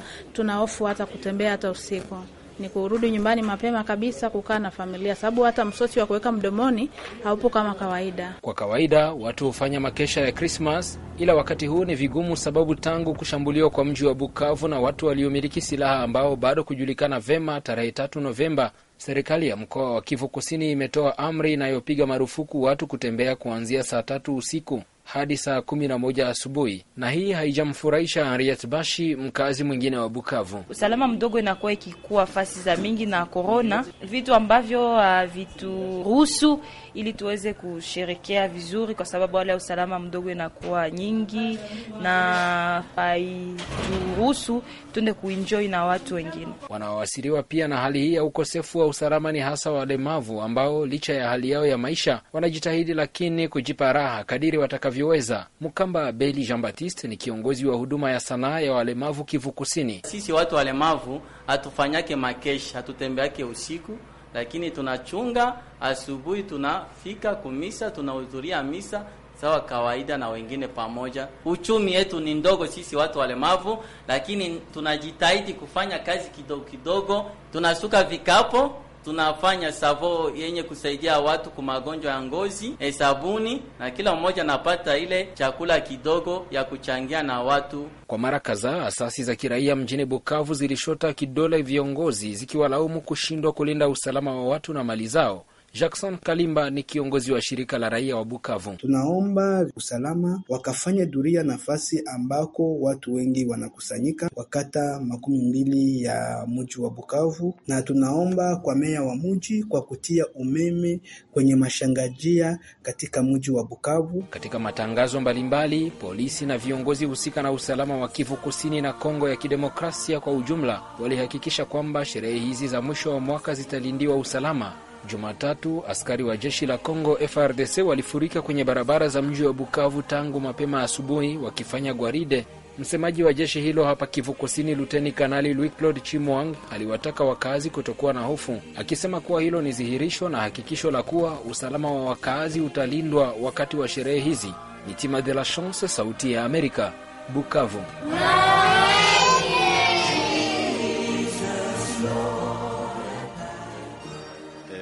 hofu hata kutembea hata usiku ni kurudi nyumbani mapema kabisa, kukaa na familia, sababu hata msosi wa kuweka mdomoni haupo kama kawaida. Kwa kawaida watu hufanya makesha ya Krismas, ila wakati huu ni vigumu, sababu tangu kushambuliwa kwa mji wa Bukavu na watu waliomiliki silaha ambao bado kujulikana vema tarehe tatu Novemba, serikali ya mkoa wa Kivu Kusini imetoa amri inayopiga marufuku watu kutembea kuanzia saa tatu usiku hadi saa kumi na moja asubuhi, na hii haijamfurahisha Henriet Bashi, mkazi mwingine wa Bukavu. Usalama mdogo inakuwa ikikuwa fasi za mingi na korona, vitu ambavyo havituruhusu ah, uh, ili tuweze kusherekea vizuri, kwa sababu wale ya usalama mdogo inakuwa nyingi na haituruhusu tuende kuenjoy na watu wengine. Wanaoasiriwa pia na hali hii ya ukosefu wa usalama ni hasa walemavu ambao licha ya hali yao ya maisha wanajitahidi lakini kujipa raha kadiri watakavyoweza. Mkamba Beli Jean Baptiste ni kiongozi wa huduma ya sanaa ya walemavu Kivu Kusini. Sisi watu walemavu hatufanyake makeshi, hatutembeake usiku lakini tunachunga asubuhi, tunafika kumisa, tunahudhuria misa sawa kawaida na wengine pamoja. Uchumi yetu ni ndogo sisi watu walemavu, lakini tunajitahidi kufanya kazi kidogo kidogo, tunasuka vikapo tunafanya savo yenye kusaidia watu kwa magonjwa ya ngozi e, sabuni na kila mmoja anapata ile chakula kidogo ya kuchangia na watu. Kwa mara kadhaa, asasi za kiraia mjini Bukavu zilishota kidole viongozi zikiwalaumu kushindwa kulinda usalama wa watu na mali zao. Jackson Kalimba ni kiongozi wa shirika la raia wa Bukavu. Tunaomba usalama wakafanya duria nafasi ambako watu wengi wanakusanyika wakata makumi mbili ya mji wa Bukavu, na tunaomba kwa meya wa mji kwa kutia umeme kwenye mashangajia katika mji wa Bukavu. Katika matangazo mbalimbali, polisi na viongozi husika na usalama wa Kivu Kusini na Kongo ya Kidemokrasia kwa ujumla walihakikisha kwamba sherehe hizi za mwisho wa mwaka zitalindiwa usalama Jumatatu askari wa jeshi la congo FRDC walifurika kwenye barabara za mji wa Bukavu tangu mapema asubuhi wakifanya gwaride. Msemaji wa jeshi hilo hapa Kivu Kusini, Luteni Kanali Louis Claude Chimwang aliwataka wakaazi kutokuwa na hofu, akisema kuwa hilo ni dhihirisho na hakikisho la kuwa usalama wa wakaazi utalindwa wakati wa sherehe hizi. Mitima de la Chance, Sauti ya Amerika, Bukavu.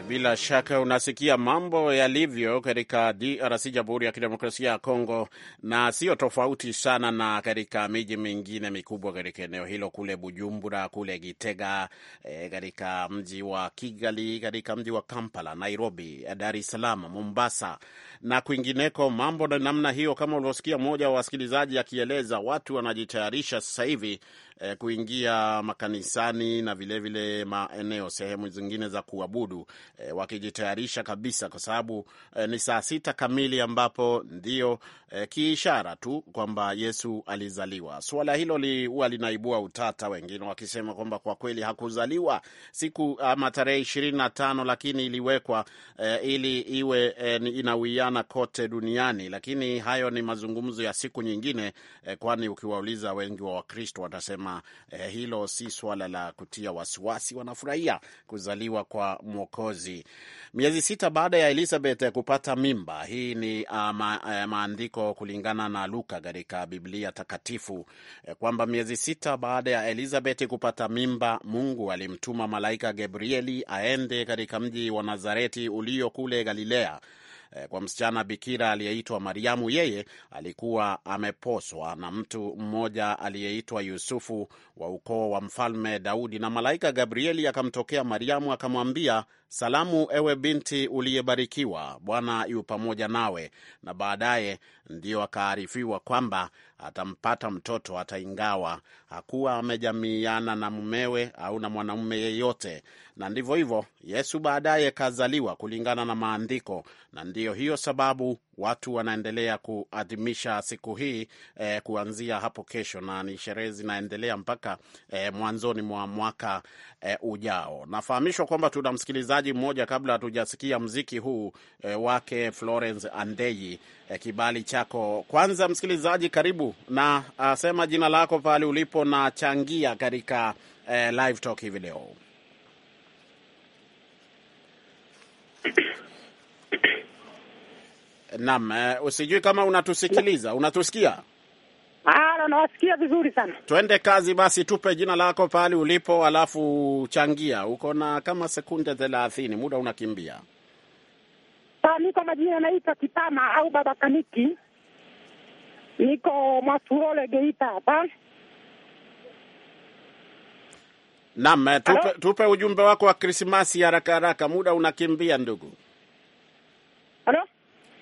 Bila shaka unasikia mambo yalivyo katika DRC, Jamhuri ya Kidemokrasia ya Kongo, na sio tofauti sana na katika miji mingine mikubwa katika eneo hilo, kule Bujumbura, kule Gitega, e, katika mji wa Kigali, katika mji wa Kampala, Nairobi, eh, Dar es Salaam, Mombasa na kwingineko. Mambo na namna hiyo, kama ulivyosikia mmoja wa wasikilizaji akieleza, watu wanajitayarisha sasa hivi e, kuingia makanisani na vilevile vile maeneo sehemu zingine za kuabudu e, wakijitayarisha kabisa, kwa sababu e, ni saa sita kamili ambapo ndio e, kiishara tu kwamba Yesu alizaliwa. Suala hilo huwa li, linaibua utata, wengine wakisema kwamba kwa kweli hakuzaliwa siku ama tarehe ishirini na tano lakini iliwekwa e, ili iwe e, inawiana kote duniani, lakini hayo ni mazungumzo ya siku nyingine e, kwani ukiwauliza wengi wa Wakristo watasema e, hilo si swala la kutia wasiwasi, wanafurahia kuzaliwa kwa Mwokozi mwezi, miezi sita baada ya Elizabeth kupata mimba. Hii ni ama, ah, eh, maandiko kulingana na Luka katika Biblia Takatifu eh, kwamba miezi sita baada ya Elizabeth kupata mimba, Mungu alimtuma malaika Gabrieli aende katika mji wa Nazareti ulio kule Galilea eh, kwa msichana bikira aliyeitwa Mariamu. Yeye alikuwa ameposwa na mtu mmoja aliyeitwa Yusufu wa ukoo wa mfalme Daudi, na malaika Gabrieli akamtokea Mariamu akamwambia, Salamu ewe binti uliyebarikiwa, Bwana yu pamoja nawe. Na baadaye ndiyo akaarifiwa kwamba atampata mtoto hata ingawa hakuwa amejamiiana na mumewe au na mwanaume yeyote. Na ndivyo hivyo Yesu baadaye kazaliwa kulingana na maandiko, na ndiyo hiyo sababu watu wanaendelea kuadhimisha siku hii eh, kuanzia hapo kesho, na ni sherehe zinaendelea mpaka eh, mwanzoni mwa mwaka eh, ujao. Nafahamishwa kwamba tuna msikilizaji mmoja, kabla hatujasikia mziki huu eh, wake Florence andei eh, kibali chako kwanza. Msikilizaji karibu na asema ah, jina lako pale ulipo na changia katika eh, live talk hivi leo. Naam, usijui eh, kama unatusikiliza, unatusikia? Ah, nawasikia vizuri sana. Twende kazi basi, tupe jina lako, pahali ulipo, alafu changia. Uko na kama sekunde thelathini, muda unakimbia. Mi ah, kwa majina anaitwa Kitama au Baba Kaniki, niko Mwasurole, Geita hapa. Naam, eh, tupe, tupe ujumbe wako wa Krismasi haraka haraka, muda unakimbia ndugu. Halo?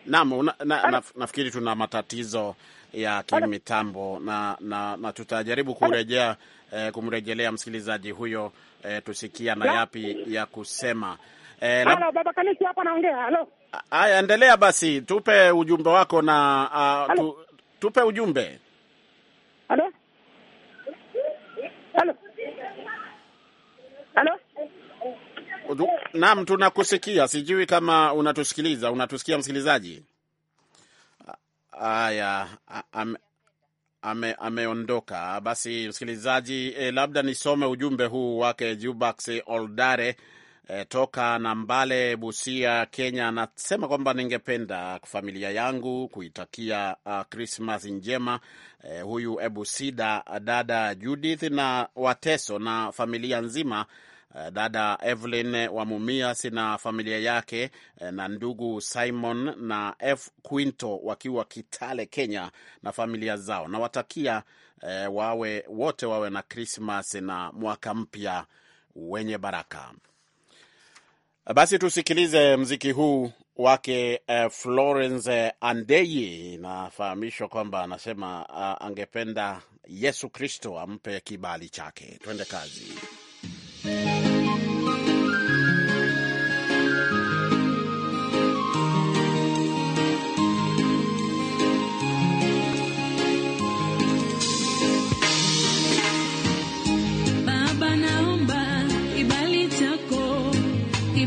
Naam, na, na, na, nafikiri tuna matatizo ya kimitambo na, na, na tutajaribu kurejea eh, kumrejelea msikilizaji huyo eh, tusikia na yapi ya kusema. Eh, la... Halo, Baba Kanisi hapa naongea. Halo. Haya, endelea basi, tupe ujumbe wako na uh, tu, tupe ujumbe. Halo. Halo. Halo. Naam, tunakusikia. Sijui kama unatusikiliza, unatusikia msikilizaji? Haya, ame, ameondoka. Basi msikilizaji, eh, labda nisome ujumbe huu wake Jubax Oldare eh, toka Nambale, Busia, Kenya. Anasema kwamba ningependa familia yangu kuitakia Krismas Christmas njema eh, huyu Ebusida, dada Judith na Wateso na familia nzima Eh, dada Evelyn Wamumias na familia yake eh, na ndugu Simon na F Quinto wakiwa Kitale, Kenya na familia zao, na watakia eh, wawe wote wawe na Krismas na mwaka mpya wenye baraka. Basi tusikilize mziki huu wake eh, Florence Andeyi. Inafahamishwa kwamba anasema uh, angependa Yesu Kristo ampe kibali chake. Twende kazi.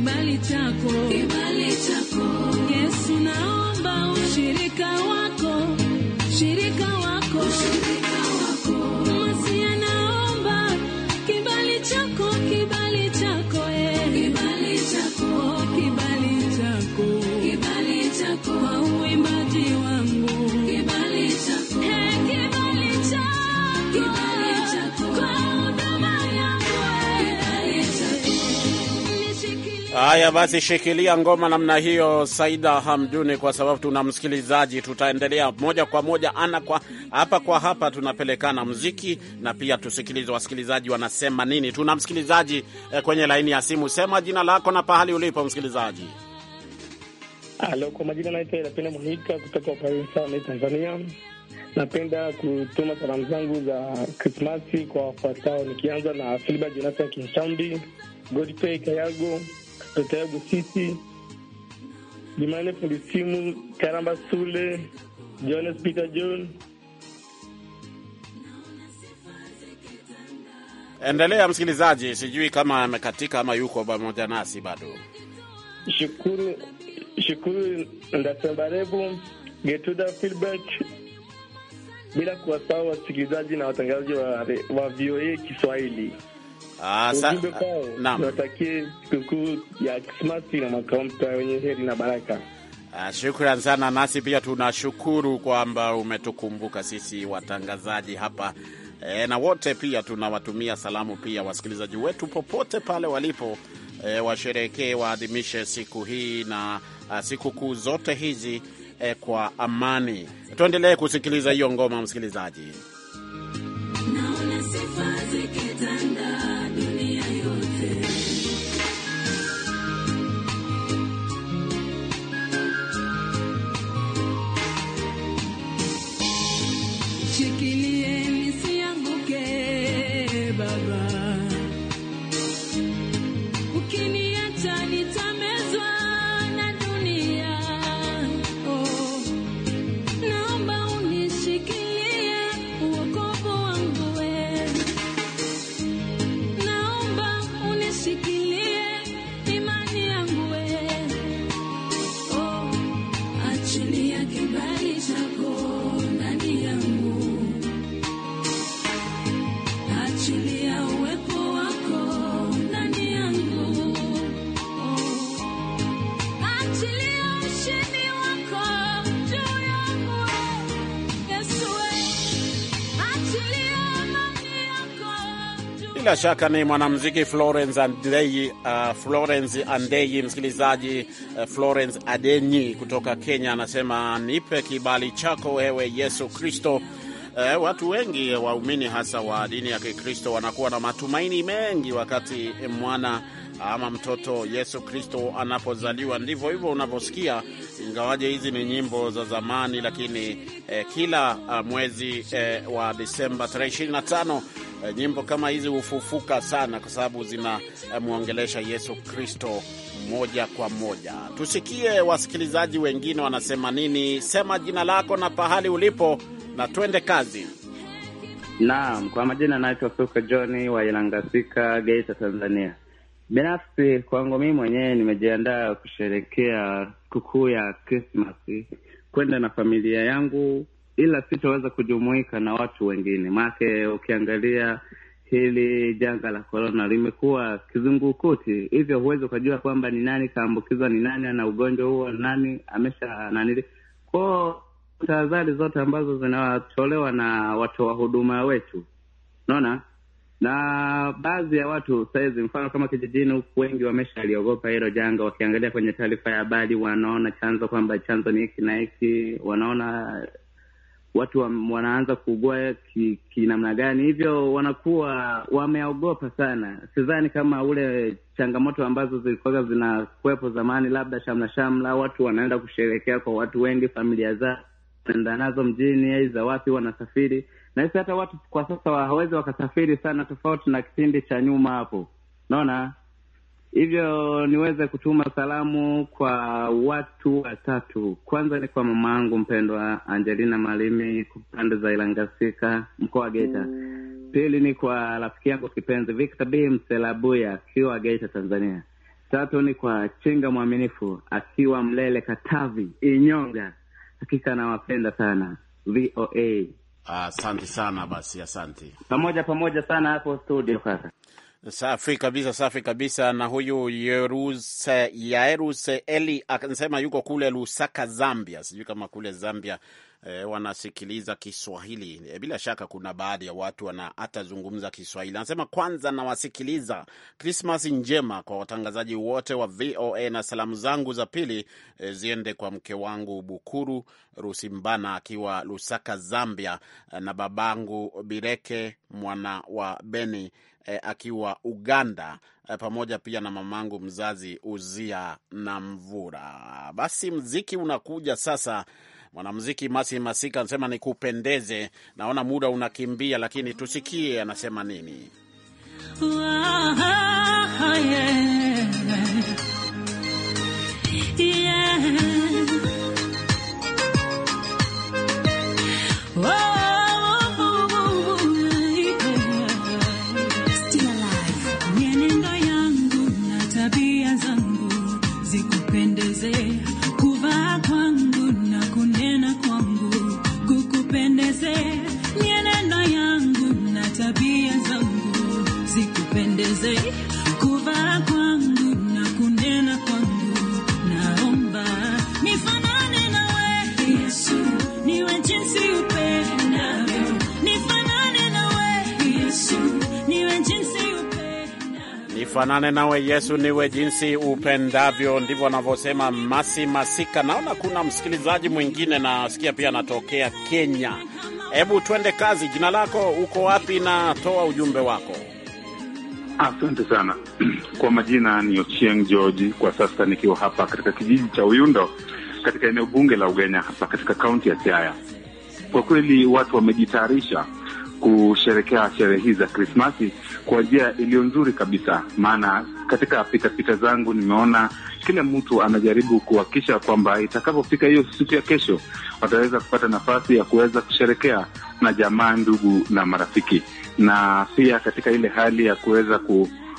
美丽家国。Haya basi, shikilia ngoma namna hiyo, Saida Hamduni, kwa sababu tuna msikilizaji. Tutaendelea moja kwa moja, ana kwa hapa kwa hapa, tunapelekana mziki na pia tusikilize wasikilizaji wanasema nini. Tuna msikilizaji eh, kwenye laini ya simu, sema jina lako na pahali ulipo, msikilizaji. Halo, kwa majina naitwa Ilapenda Muhika kutoka Paris, Tanzania. Napenda kutuma salamu zangu za Krismasi kwa wafuatao, nikianza na Filiba Jonathan Kinshambi, Godfrey Kayago Dr. Busisi, Jumane fundi Karamba Sule, Jonas Peter John. Endelea msikilizaji, sijui kama amekatika ama yuko pamoja nasi bado. Shukuru, Shukuru Ndasembarebu, Getuda Filbert, bila kuwasahau wasikilizaji na watangazaji wa, wa VOA Kiswahili. Ah, ujumbe ah, sikukuu ya Krismasi na mwaka mpya wenye heri na baraka. Ah, shukran sana. Nasi pia tunashukuru kwamba umetukumbuka sisi watangazaji hapa e, na wote pia tunawatumia salamu pia wasikilizaji wetu popote pale walipo e, washerekee waadhimishe siku hii na sikukuu zote hizi e, kwa amani. Tuendelee kusikiliza hiyo ngoma msikilizaji. bila shaka ni mwanamziki Florence Andei, uh, Florence Andei, msikilizaji uh, Florence Adenyi kutoka Kenya anasema nipe kibali chako wewe Yesu Kristo. Uh, watu wengi waumini hasa wa dini ya Kikristo wanakuwa na matumaini mengi wakati mwana ama mtoto Yesu Kristo anapozaliwa. Ndivyo hivyo unavyosikia, ingawaje hizi ni nyimbo za zamani, lakini eh, kila ah, mwezi eh, wa Disemba tarehe 25 eh, nyimbo kama hizi hufufuka sana, kwa sababu zinamwongelesha eh, Yesu Kristo moja kwa moja. Tusikie wasikilizaji wengine wanasema nini. Sema jina lako na pahali ulipo na twende kazi. Naam, kwa majina naitwa Suka Johni wa Ilangasika, Geita, Tanzania. Binafsi kwangu mii mwenyewe nimejiandaa kusherekea sikukuu ya Krismasi kwenda na familia yangu, ila sitaweza kujumuika na watu wengine, maake ukiangalia hili janga la korona limekuwa kizungukuti, hivyo huwezi ukajua kwamba ni nani kaambukizwa, ni nani ana ugonjwa huo, nani amesha nanili kwao. Tahadhari zote ambazo zinatolewa na watoa huduma wetu, unaona na baadhi ya watu saizi, mfano kama kijijini huku, wengi wameshaliogopa hilo janga. Wakiangalia kwenye taarifa ya habari, wanaona chanzo kwamba chanzo ni hiki na hiki, wanaona watu wa, wanaanza kuugua kinamna ki gani, hivyo wanakuwa wameogopa sana. Sidhani kama ule changamoto ambazo zilikuwa zinakuwepo zamani, labda shamla shamla, watu wanaenda kusherekea kwa watu wengi, familia zao naenda nazo mjini, aidha wapi, wanasafiri nahisi hata watu kwa sasa hawawezi wakasafiri sana, tofauti na kipindi cha nyuma hapo, naona hivyo. Niweze kutuma salamu kwa watu watatu. Kwanza ni kwa mama yangu mpendwa Angelina Malimi, pande za Ilangasika, mkoa wa Geita. Pili ni kwa rafiki yangu kipenzi Victor B Mselabuya akiwa Geita, Tanzania. Tatu ni kwa Chinga Mwaminifu akiwa Mlele, Katavi, Inyonga. Hakika nawapenda sana VOA. Asante sana basi, asante. Pamoja pamoja sana hapo studio sasa. Safi kabisa, safi kabisa. Na huyu Yeruse eh, Yaeruse Eli anasema yuko kule Lusaka, Zambia. Sijui kama kule Zambia e, wanasikiliza Kiswahili e, bila shaka kuna baadhi ya watu wana hatazungumza Kiswahili. Anasema kwanza nawasikiliza, Krismas njema kwa watangazaji wote wa VOA na salamu zangu za pili e, ziende kwa mke wangu Bukuru Rusimbana akiwa Lusaka, Zambia na babangu Bireke mwana wa Beni E, akiwa Uganda e, pamoja pia na mamangu mzazi Uzia na Mvura. Basi mziki unakuja sasa mwanamziki Masi Masika anasema kupendeze Naona muda unakimbia, lakini tusikie anasema nini. Ah, ah, ah, yeah. Yeah. nifanane nawe Yesu niwe jinsi upendavyo, ndivyo anavyosema Masi Masika. Naona kuna msikilizaji mwingine nasikia pia anatokea Kenya. Hebu twende kazi. Jina lako, uko wapi na toa ujumbe wako? Asante sana kwa majina ni Ochieng George, kwa sasa nikiwa hapa katika kijiji cha Uyundo katika eneo bunge la Ugenya hapa katika kaunti ya Siaya. Kwa kweli watu wamejitayarisha kusherekea sherehe hii za Krismasi kwa njia iliyo nzuri kabisa, maana katika pitapita pita zangu nimeona kila mtu anajaribu kuhakikisha kwamba itakapofika hiyo siku ya kesho wataweza kupata nafasi ya kuweza kusherekea na jamaa, ndugu na marafiki, na pia katika ile hali ya kuweza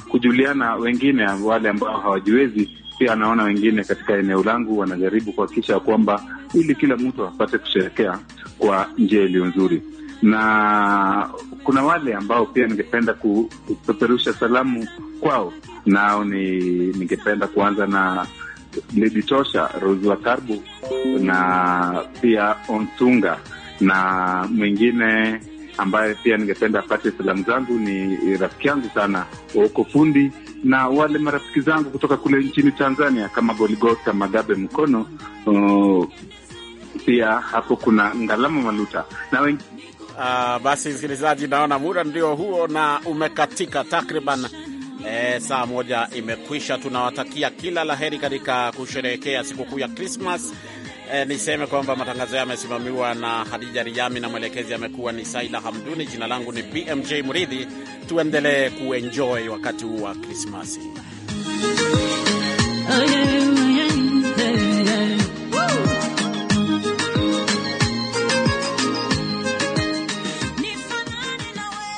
kujuliana wengine wale ambao hawajiwezi. Pia anaona wengine katika eneo langu wanajaribu kuhakikisha kwamba ili kila mtu apate kusherekea kwa njia iliyo nzuri na kuna wale ambao pia ningependa kupeperusha salamu kwao, nao ni ningependa kuanza na Lady Tosha, Rose wa Karbu na pia onsunga na mwingine ambaye pia ningependa apate salamu zangu ni rafiki yangu sana Oko Fundi na wale marafiki zangu kutoka kule nchini Tanzania kama Goligota Magabe Mkono. Uh, pia hapo kuna Ngalama Maluta na wengi Uh, basi msikilizaji, naona muda ndio huo na umekatika takriban. E, saa moja imekwisha. Tunawatakia kila laheri katika kusherehekea sikukuu ya Krismas. E, eh, niseme kwamba matangazo hayo yamesimamiwa na Hadija Riami na mwelekezi amekuwa ni Saila Hamduni. Jina langu ni BMJ Mridhi. Tuendelee kuenjoy wakati huu wa Krismasi.